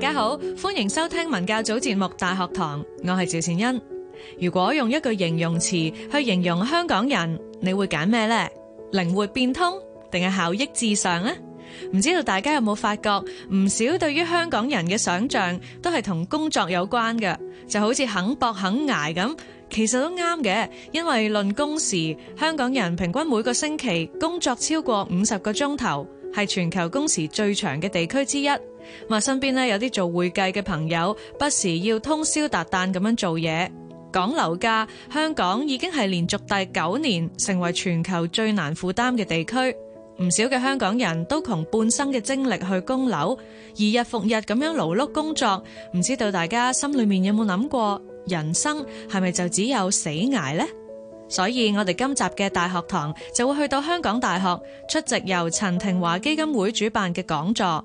大家好，歡迎收聽文教組節目《大學堂》，我係趙善恩。如果用一句形容詞去形容香港人，你會揀咩呢？靈活變通定係效益至上呢？唔知道大家有冇發覺，唔少對於香港人嘅想象都係同工作有關嘅，就好似肯搏肯捱咁。其實都啱嘅，因為論工時，香港人平均每個星期工作超過五十個鐘頭，係全球工時最長嘅地區之一。話身邊呢，有啲做會計嘅朋友，不時要通宵達旦咁樣做嘢。講樓價，香港已經係連續第九年成為全球最難負擔嘅地區，唔少嘅香港人都窮半生嘅精力去供樓，而日復日咁樣勞碌工作，唔知道大家心裏面有冇諗過，人生係咪就只有死捱呢？所以我哋今集嘅大學堂就會去到香港大學出席由陳庭華基金會主辦嘅講座。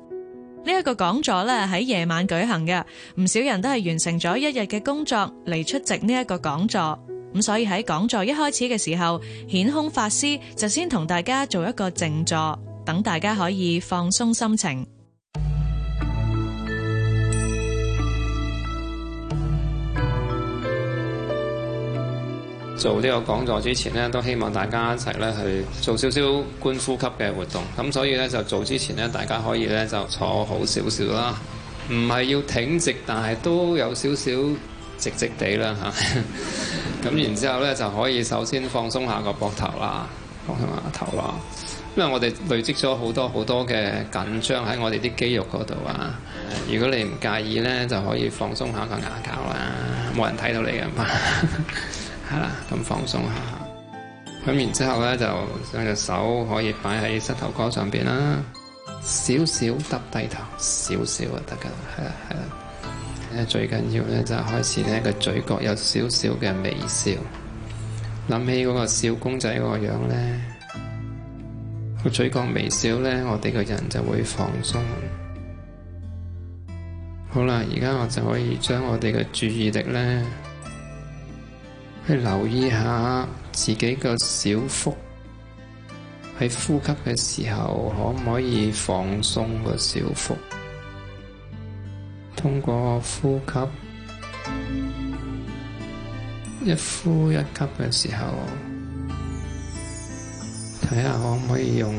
呢一個講座咧喺夜晚舉行嘅，唔少人都係完成咗一日嘅工作嚟出席呢一個講座，咁所以喺講座一開始嘅時候，顯空法師就先同大家做一個靜坐，等大家可以放鬆心情。做呢個講座之前呢，都希望大家一齊咧去做少少觀呼吸嘅活動。咁所以呢，就做之前呢，大家可以呢就坐好少少啦，唔係要挺直，但係都有少少直直地啦嚇。咁 然之後呢，就可以首先放鬆下個膊頭啦，放鬆下頭咯。因為我哋累積咗好多好多嘅緊張喺我哋啲肌肉嗰度啊。如果你唔介意呢，就可以放鬆下個牙骹啦，冇人睇到你㗎嘛。 係啦，咁、嗯、放鬆下，咁、嗯、然之後咧，就將隻手可以擺喺膝頭哥上邊啦，少少耷低頭，少少就得噶啦，係啦係啦，最緊要咧就係、開始咧個嘴角有少少嘅微笑，諗起嗰個小公仔嗰個樣咧，個嘴角微笑咧，我哋個人就會放鬆。好啦，而家我就可以將我哋嘅注意力咧。去留意下自己個小腹，喺呼吸嘅時候可唔可以放鬆個小腹？通過呼吸，一呼一吸嘅時候，睇下可唔可以用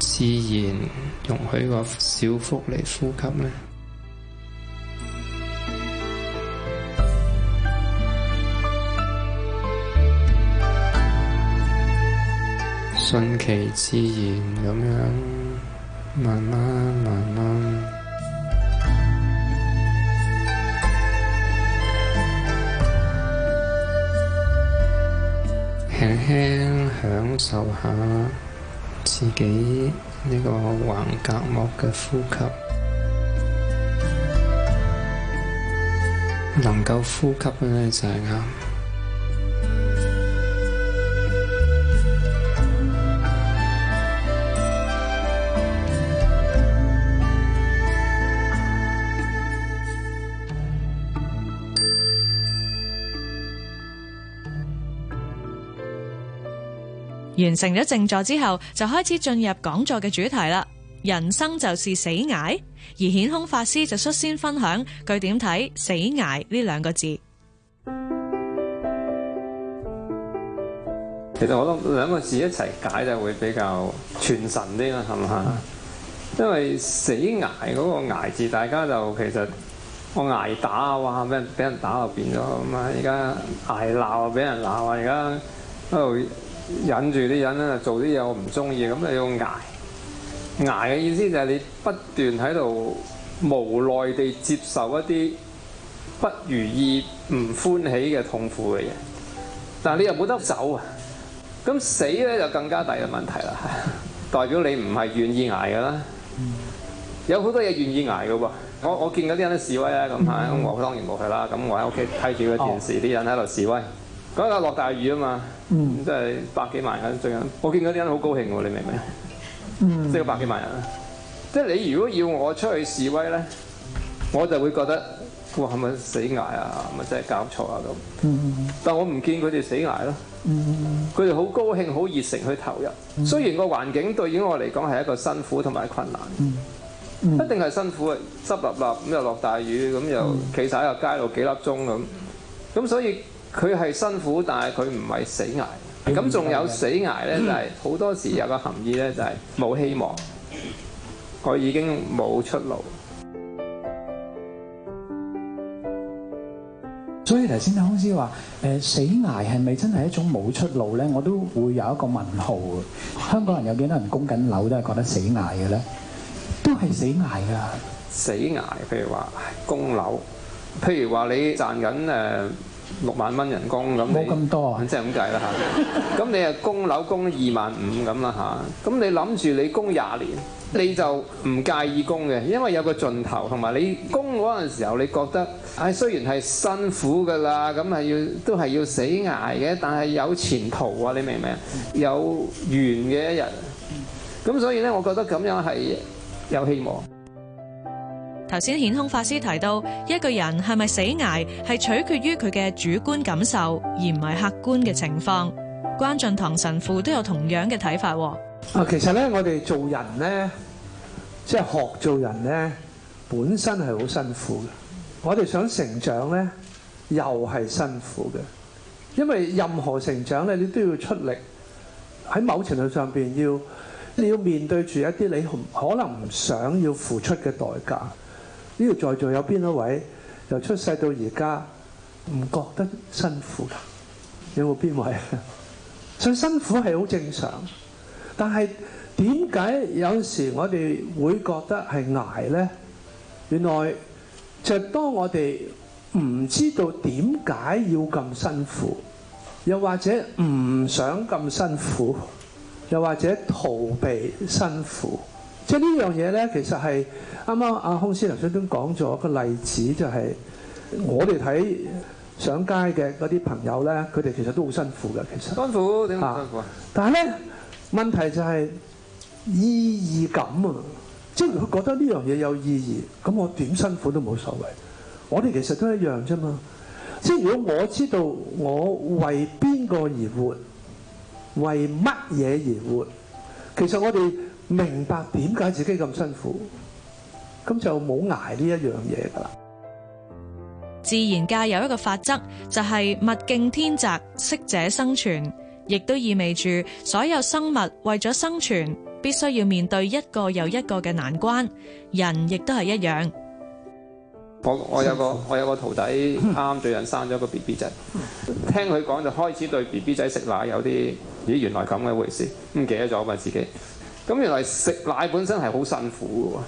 自然容許個小腹嚟呼吸呢？順其自然咁樣，慢慢慢慢，慢慢，輕輕享受下自己呢個橫隔膜嘅呼吸，能夠呼吸嘅咧就係啱。完成咗靜坐之後，就開始進入講座嘅主題啦。人生就是死捱，而顯空法師就率先分享，佢點睇“死捱”呢兩個字。其實我覺得兩個字一齊解，解就會比較傳神啲啦，係咪？嗯。因為“死捱”嗰個捱字，大家就其實我捱打啊，俾人俾人打就變咗啊嘛。而家捱鬧啊，俾人鬧啊，而家喺度。忍住啲人啦，做啲嘢我唔中意，咁你要捱，捱嘅意思就係你不斷喺度無奈地接受一啲不如意、唔歡喜嘅痛苦嘅嘢，但係你又冇得走啊！咁死咧就更加大嘅問題啦，代表你唔係願意捱㗎啦。有好多嘢願意捱㗎喎，我我見嗰啲人都示威啊咁嚇， 我當然冇去啦。咁我喺屋企睇住個電視，啲、oh. 人喺度示威。講下落大雨啊嘛，咁即係百幾萬人，最近我見嗰啲人好高興喎，你明唔明？嗯、即係百幾萬人，即係你如果要我出去示威咧，我就會覺得哇，係咪死捱啊？係咪真係搞錯啊咁？但我唔見佢哋死捱咯，佢哋好高興、好熱誠去投入。雖然個環境對於我嚟講係一個辛苦同埋困難，一定係辛苦嘅，濕立立咁又落大雨，咁又企晒喺個街度幾粒鐘咁，咁所以。佢係辛苦，但係佢唔係死捱。咁仲有死捱呢，就係好多時有個含義呢，就係冇希望，佢已經冇出路。所以頭先阿康師話，誒死捱係咪真係一種冇出路呢？我都會有一個問號。香港人有幾多人供緊樓都係覺得死捱嘅呢？都係死捱㗎，死捱。譬如話供樓，譬如話你賺緊誒。六萬蚊人工咁冇咁多啊，即係咁計啦嚇。咁 你啊，供樓供二萬五咁啦嚇。咁你諗住你供廿年，你就唔介意供嘅，因為有個盡頭，同埋你供嗰陣時候，你覺得唉、哎、雖然係辛苦噶啦，咁係要都係要死捱嘅，但係有前途啊！你明唔明？有完嘅一日。咁所以呢，我覺得咁樣係有希望。頭先，顯空法師提到一個人係咪死捱，係取決於佢嘅主觀感受，而唔係客觀嘅情況。關進堂神父都有同樣嘅睇法。啊，其實咧，我哋做人咧，即係學做人咧，本身係好辛苦嘅。我哋想成長咧，又係辛苦嘅，因為任何成長咧，你都要出力喺某程度上邊，要你要面對住一啲你可能唔想要付出嘅代價。呢度在座有邊一位由出世到而家唔覺得辛苦㗎？有冇邊位？ 所以辛苦係好正常，但係點解有時我哋會覺得係捱呢？原來就係、當我哋唔知道點解要咁辛苦，又或者唔想咁辛苦，又或者逃避辛苦。即係呢樣嘢咧，其實係啱啱阿康師兄頭先都講咗個例子，就係、是、我哋睇上街嘅嗰啲朋友咧，佢哋其實都好辛苦嘅。其實辛苦點辛苦啊？但係咧，問題就係意義感啊！即係佢覺得呢樣嘢有意義，咁我點辛苦都冇所謂。我哋其實都一樣啫嘛。即係如果我知道我為邊個而活，為乜嘢而活，其實我哋，明白點解自己咁辛苦，咁就冇捱呢一樣嘢噶啦。自然界有一個法則，就係、是、物競天擇，適者生存，亦都意味住所有生物為咗生存，必須要面對一個又一個嘅難關。人亦都係一樣。我我有個我有個徒弟啱最近生咗個 BB 仔，聽佢講就開始對 BB 仔食奶有啲咦，原來咁嘅回事，唔記得咗我自己了了。咁原來食奶本身係好辛苦嘅喎，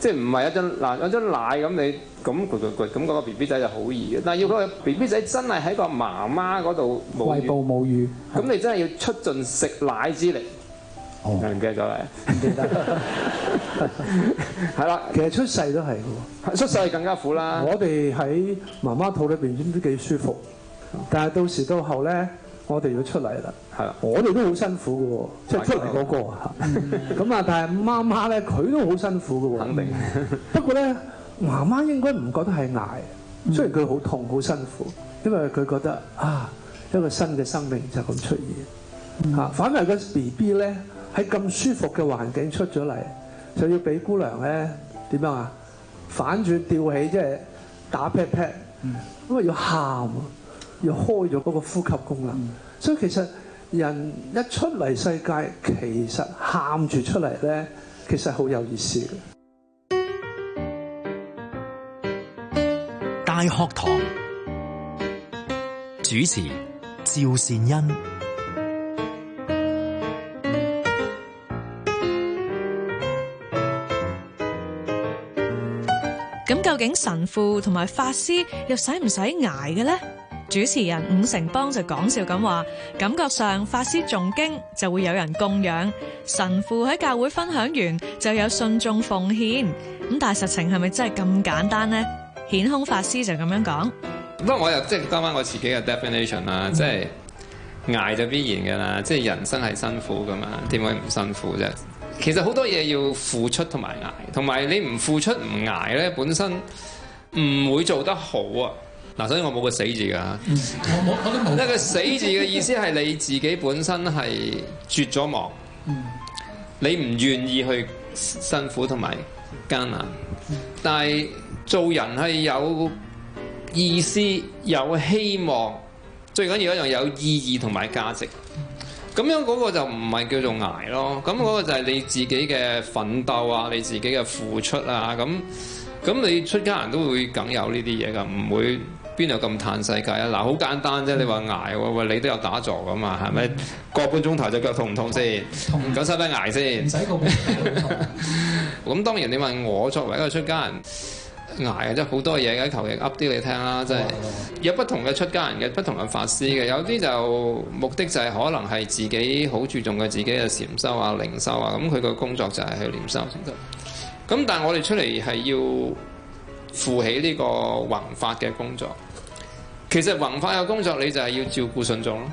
即係唔係一樽嗱一樽奶咁你咁攰攰攰咁嗰個 B B 仔就好易嘅，但係要嗰個 B B 仔真係喺個媽媽嗰度，餵哺母乳，咁你真係要出盡食奶之力。哦，唔記得咗啦，唔記得。係啦，其實出世都係嘅喎，出世更加苦啦。我哋喺媽媽肚裏邊先都幾舒服，但係到時到後咧。我哋要出嚟啦，係啦的，我哋都好辛苦嘅喎、哦，即係出嚟嗰個咁啊， 但係媽媽咧，佢都好辛苦嘅喎、哦。肯定。 不過咧，媽媽應該唔覺得係捱，雖然佢好痛好辛苦，因為佢覺得啊，一個新嘅生命就咁出現嚇。 反為個 B B 咧，喺咁舒服嘅環境出咗嚟，就要俾姑娘咧點樣啊？反轉吊起即係、就是、打 pat pat，因為要喊要開咗嗰個呼吸功能，嗯、所以其實人一出嚟世界，其實喊住出嚟咧，其實好有意思嘅。大學堂主持趙善恩。咁究竟神父同埋法師又使唔使捱嘅咧？主持人伍成邦就講笑咁話：感覺上法師重經就會有人供養，神父喺教會分享完就有信眾奉獻。咁但係實情係咪真係咁簡單呢？顯空法師就咁樣講。不過我又即係當翻我自己嘅 definition 啦，即係挨就必然㗎啦，即係人生係辛苦噶嘛，點會唔辛苦啫？其實好多嘢要付出同埋挨，同埋你唔付出唔挨咧，本身唔會做得好啊。嗱，所以我冇個死字噶， 因為個死字嘅意思係你自己本身係絕咗望， 你唔願意去辛苦同埋艱難， 但係做人係有意思、有希望，最緊要一樣有意義同埋價值。咁 樣嗰個就唔係叫做捱咯，咁嗰個就係你自己嘅奮鬥啊，你自己嘅付出啊，咁咁你出家人都會梗有呢啲嘢噶，唔會。邊度咁嘆世界啊！嗱，好簡單啫。你話捱喎，你都有打坐㗎嘛，係咪個半鐘頭就腳痛唔痛先？唔夠使得捱先。唔使咁。當然你問我作為一個出家人捱啊，即係好多嘢嘅，求其噏啲你聽啦，即係有不同嘅出家人嘅不同嘅法師嘅，有啲就目的就係可能係自己好注重嘅自己嘅禪修啊、靈修啊，咁佢個工作就係去禪修。咁但係我哋出嚟係要。負起呢個弘法嘅工作，其實弘法嘅工作你就係要照顧信眾咯。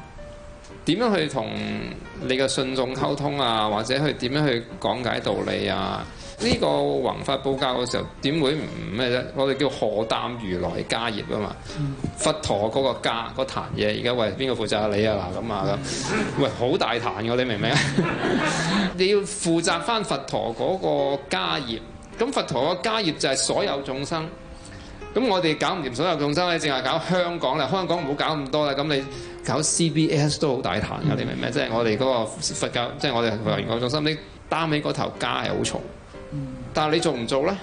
點樣去同你嘅信眾溝通啊？或者去點樣去講解道理啊？呢、這個弘法佈教嘅時候點會唔咩啫？我哋叫荷擔如來家業啊嘛！嗯、佛陀嗰個家、嗰壇嘢，而家喂，邊個負責你啊，嗱，咁啊，咁，嗯、喂，好大壇嘅，你明唔明？ 你要負責翻佛陀嗰個家業。咁佛陀個家業就係所有眾生，咁我哋搞唔掂所有眾生咧，淨係搞香港啦，香港唔好搞咁多啦，咁你搞 CBS 都好大彈㗎，你明唔明？即係我哋嗰個佛教，即係我哋佛教研究中心，你擔起嗰頭家係好重，嗯，但係你做唔做咧？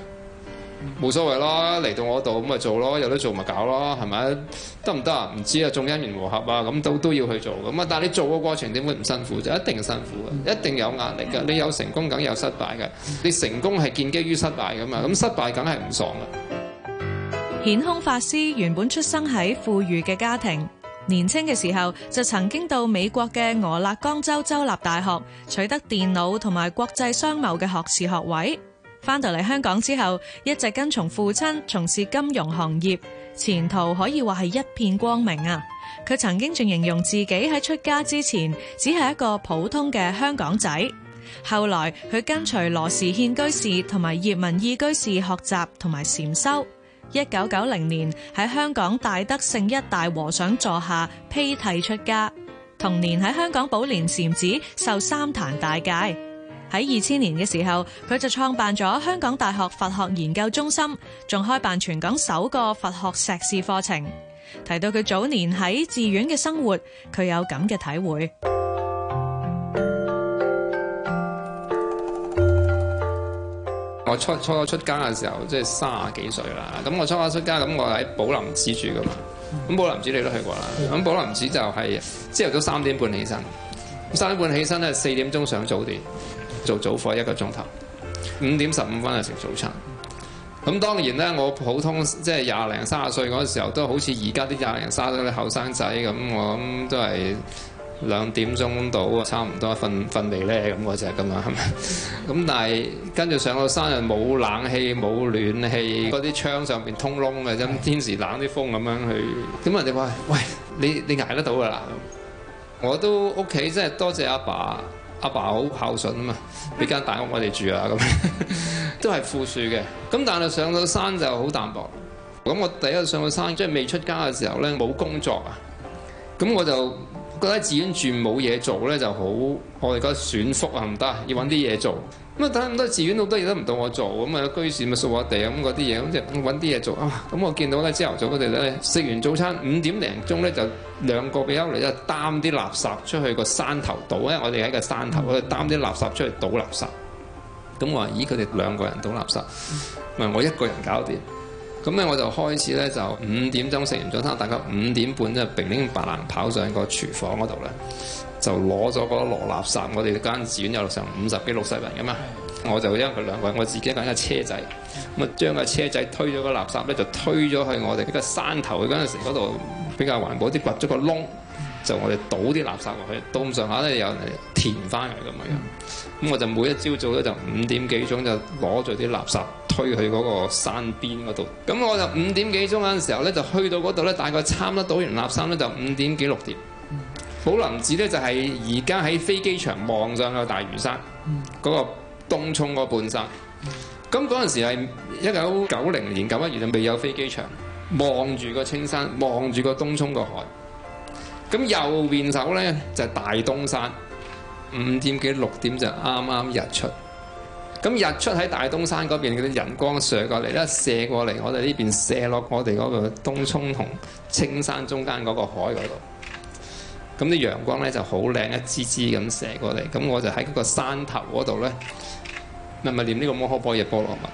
冇所謂咯，嚟到我度咁咪做咯，有得做咪搞咯，係咪？得唔得啊？唔知啊，眾因緣和合啊，咁都都要去做咁啊。但係你做個過程點會唔辛苦？就一定辛苦嘅，一定有壓力嘅。你有成功梗有失敗嘅，你成功係建基於失敗噶嘛。咁失敗梗係唔爽噶。衍空法師原本出生喺富裕嘅家庭，年輕嘅時候就曾經到美國嘅俄勒岡州州立大學取得電腦同埋國際商貿嘅學士學位。翻到嚟香港之後，一直跟從父親從事金融行業，前途可以話係一片光明啊！佢曾經仲形容自己喺出家之前，只係一個普通嘅香港仔。後來佢跟隨羅時憲居士同埋葉文意居士學習同埋禪修。一九九零年喺香港大德聖一大和尚座下披剃出家，同年喺香港寶蓮禪寺受三壇大戒。喺二千年嘅時候，佢就創辦咗香港大學佛學研究中心，仲開辦全港首個佛學碩士課程。提到佢早年喺寺院嘅生活，佢有咁嘅體會。我初初，初出家嘅時候，即係三十幾歲啦。咁我初初出家，咁我喺寶林寺住㗎嘛。咁寶林寺你都去過啦。咁寶林寺就係朝頭早三點半起身，三點半起身咧，四點鐘上早殿。做早課一個鐘頭，五點十五分就食早餐。咁當然咧，我普通即係廿零三十歲嗰個時候，都好似而家啲廿零三十歲啲後生仔咁，我諗都係兩點鐘到啊，差唔多瞓瞓未咧咁嗰隻咁樣係咪？咁但係跟住上到山又冇冷氣冇暖氣，嗰啲窗上邊通窿嘅啫，天時冷啲風咁樣去。咁人哋話：喂，你你捱得到噶啦？我都屋企真係多謝阿爸,爸。阿爸好孝順啊嘛，俾間大屋我哋住啊咁，都係富庶嘅。咁但係上到山就好淡薄。咁我第一日上到山，即係未出家嘅時候咧，冇工作啊。咁我就，覺得寺院住冇嘢做咧就好，我哋覺得損福啊，唔得，要揾啲嘢做。咁啊，睇咁多寺院好多嘢都唔到我做，咁啊居士咪掃下地咁嗰啲嘢，咁即係揾啲嘢做啊。咁、嗯、我見到咧朝頭早佢哋咧食完早餐五點零鐘咧就兩個俾我嚟,就擔啲垃圾出去個山頭倒咧。我哋喺個山頭，我哋擔啲垃圾出去倒垃圾。咁、嗯、我話咦？佢哋兩個人倒垃圾，唔係我一個人搞掂。咁咧我就開始咧就五點鐘食完早餐，大概五點半，即係並拎白蘭跑上個廚房嗰度咧，就攞咗個攞垃圾。我哋間寺院有成五十幾六十人噶嘛，的我就因為佢兩個人，我自己一個人，架車仔，咁啊將個車仔推咗個垃圾咧就推咗去我哋一個山頭，嗰陣時嗰度比較環保啲，掘咗個窿，就我哋倒啲垃圾落去，到咁上下咧有人填翻嚟。咁樣。咁我就每一朝早咧就五點幾鐘就攞咗啲垃圾。推去嗰個山邊嗰度，咁我就五點幾鐘嗰陣時候呢，就去到嗰度呢，大概參得倒完立山、嗯、呢，就五點幾六點，寶林寺呢，就係而家喺飛機場望上去大嶼山嗰、嗯、個東涌個半山，咁嗰陣時係一九九零年九一月，就未有飛機場，望住個青山，望住個東涌個海，咁右邊手呢，就係、大東山，五點幾六點就啱啱日出。咁日出喺大東山嗰邊嗰啲人光射過嚟，咧射過嚟我哋呢邊射落我哋嗰個東涌同青山中間嗰個海嗰度。咁啲陽光咧就好靚，一支支咁射過嚟。咁我就喺嗰個山頭嗰度咧，咪咪念呢個摩訶波若波羅蜜。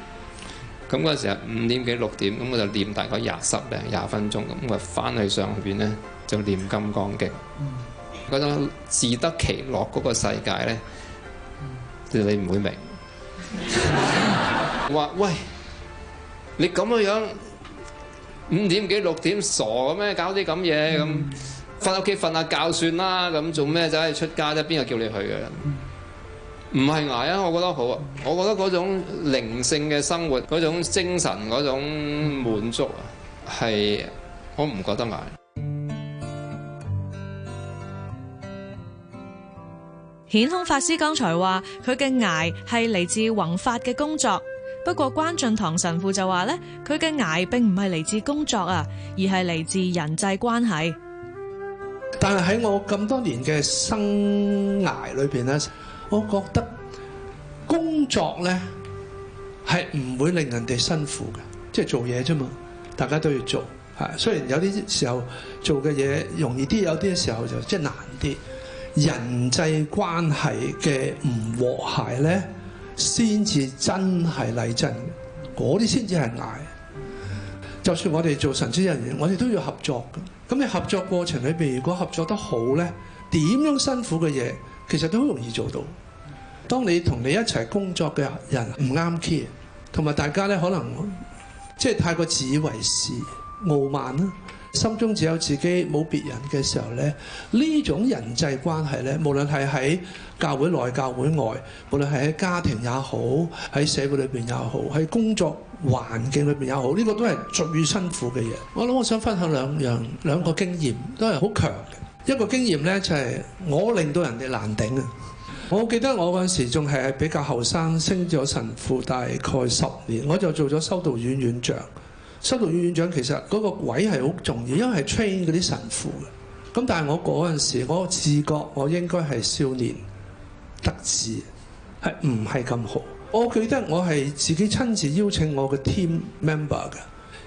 咁嗰陣時係五點幾六點，咁我就念大概廿十零廿分鐘，咁我翻去上邊咧就念金剛經。嗰種自得其樂嗰個世界咧，你唔會明。話 喂，你咁嘅樣五點幾六點傻嘅咩？搞啲咁嘢咁，翻屋企瞓下覺算啦。咁做咩？走去出街啫？邊個叫你去嘅？唔係挨啊！我覺得好啊，我覺得嗰種靈性嘅生活，嗰種精神，嗰種滿足啊，係我唔覺得挨啊。顯空法師剛才話佢嘅捱係嚟自弘法嘅工作，不過關進堂神父就話咧，佢嘅捱並唔係嚟自工作啊，而係嚟自人際關係。但係喺我咁多年嘅生涯裏邊咧，我覺得工作咧係唔會令人哋辛苦嘅，即係做嘢啫嘛，大家都要做吓。雖然有啲時候做嘅嘢容易啲，有啲時候就即係難啲。人際關係嘅唔和諧呢，先至真係嚟真，嗰啲先至係捱。就算我哋做神職人員，我哋都要合作嘅。咁你合作過程裏邊，如果合作得好呢，點樣辛苦嘅嘢，其實都好容易做到。當你同你一齊工作嘅人唔啱 key，同埋大家呢可能即係太過自以為是、傲慢啦。心中只有自己冇別人嘅時候呢，呢種人際關係，呢無論係喺教會內教會外，無論係喺家庭也好，喺社會裏邊也好，喺工作環境裏邊也好，呢、呢個都係係最辛苦嘅嘢。我諗我想分享兩樣兩個經驗都係好強嘅。一個經驗，呢就係我令到人哋難頂啊！我記得我嗰陣時仲係比較後生，升咗神父大概十年，我就做咗修道院院長。修道院院長其實嗰個位係好重要，因為係 train 嗰啲神父嘅。咁但係我嗰陣時，我自覺我應該係少年得志，係唔係咁好。我記得我係自己親自邀請我嘅 team member 嘅，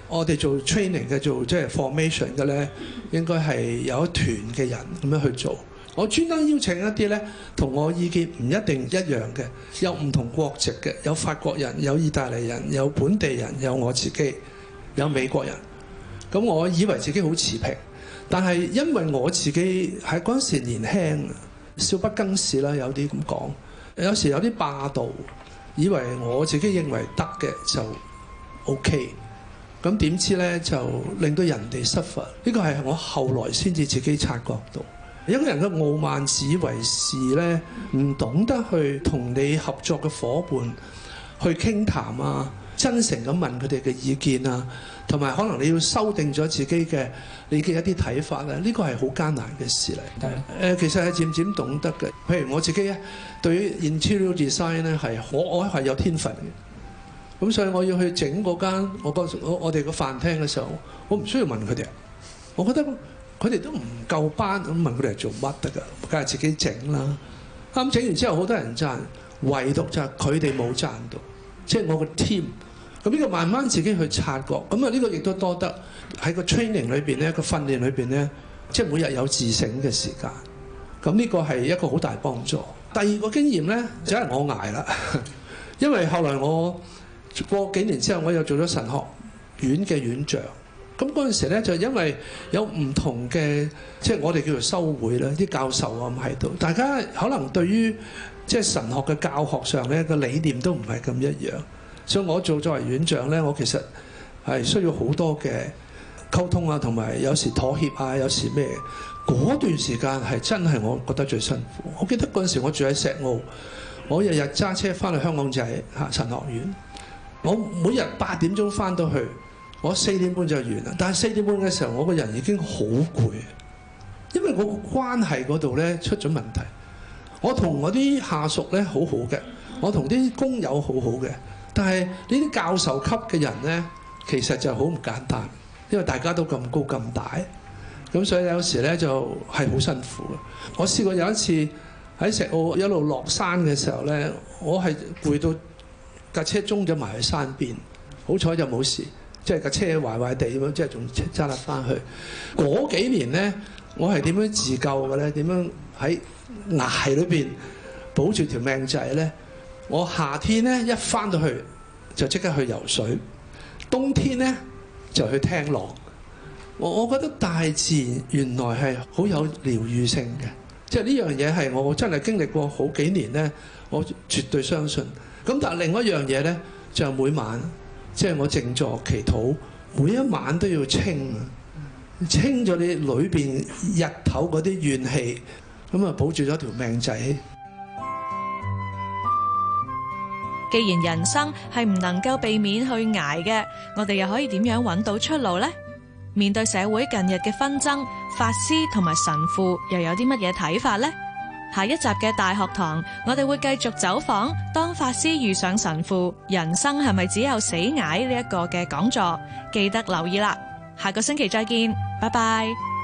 我哋做 training 嘅，做即係 formation 嘅咧，應該係有一團嘅人咁樣去做。我專登邀請一啲咧，同我意見唔一定一樣嘅，有唔同國籍嘅，有法國人，有意大利人，有本地人，有我自己。有美國人，咁我以為自己好持平，但係因為我自己喺嗰陣時年輕，少不更事啦，有啲咁講，有時有啲霸道，以為我自己認為得嘅就 OK，咁點知呢，就令到人哋失份，呢個係我後來先至自己察覺到，一個人嘅傲慢自以為是呢，唔懂得去同你合作嘅伙伴去傾談啊。真誠咁問佢哋嘅意見啊，同埋可能你要修訂咗自己嘅你嘅一啲睇法咧，呢個係好艱難嘅事嚟。誒，其實係漸漸懂得嘅。譬如我自己啊，對於 interior design 咧係我我係有天分嘅。咁所以我要去整嗰間我個我哋個飯廳嘅時候，我唔需要問佢哋。我覺得佢哋都唔夠班，咁問佢哋做乜得㗎？梗係自己整啦。啱整完之後，好多人讚，唯獨就係佢哋冇讚到，即係我個 team。咁呢個慢慢自己去察覺，咁啊呢個亦都多得喺個 training 裏邊咧，一個訓練裏邊咧，即係每日有自省嘅時間。咁、這、呢個係一個好大幫助。第二個經驗咧，就係、是、我捱啦，因為後來我過幾年之後，我又做咗神學院嘅院長。咁嗰陣時咧，就因為有唔同嘅，即係我哋叫做修會啦，啲教授啊咁喺度，大家可能對於即係神學嘅教學上咧個理念都唔係咁一樣。所以，我做作為院長呢，我其實係需要好多嘅溝通啊，同埋有，有時妥協啊，有時咩，嗰段時間係真係我覺得最辛苦。我記得嗰陣時，我住喺石澳，我日日揸車翻去香港仔嚇神學院。我每日八點鐘翻到去，我四點半就完啦。但係四點半嘅時候，我個人已經好攰，因為我個關係嗰度呢，出咗問題。我同我啲下屬呢，好好嘅，我同啲工友好好嘅。但係呢啲教授級嘅人呢，其實就好唔簡單，因為大家都咁高咁大，咁所以有時呢就係好辛苦。我試過有一次喺石澳一路落山嘅時候呢，我係攰到架車衝咗埋去山邊，好彩就冇事，即係架車壞壞地咁，即係仲揸得翻去。嗰幾年呢，我係點樣自救嘅呢？點樣喺崖裏邊保住條命仔呢？我夏天咧一返到去就即刻去游水，冬天咧就去聽浪。我我覺得大自然原來係好有療愈性嘅，即係呢樣嘢係我真係經歷過好幾年咧，我絕對相信。咁但係另一樣嘢咧就係每晚即係我靜坐祈禱，每一晚都要清，清咗你裏邊日頭嗰啲怨氣，咁啊保住咗條命仔。既然人生係唔能夠避免去捱嘅，我哋又可以點樣揾到出路呢？面對社會近日嘅紛爭，法師同埋神父又有啲乜嘢睇法呢？下一集嘅大學堂，我哋會繼續走訪，當法師遇上神父，人生係咪只有死捱呢一個嘅講座？記得留意啦！下個星期再見，拜拜。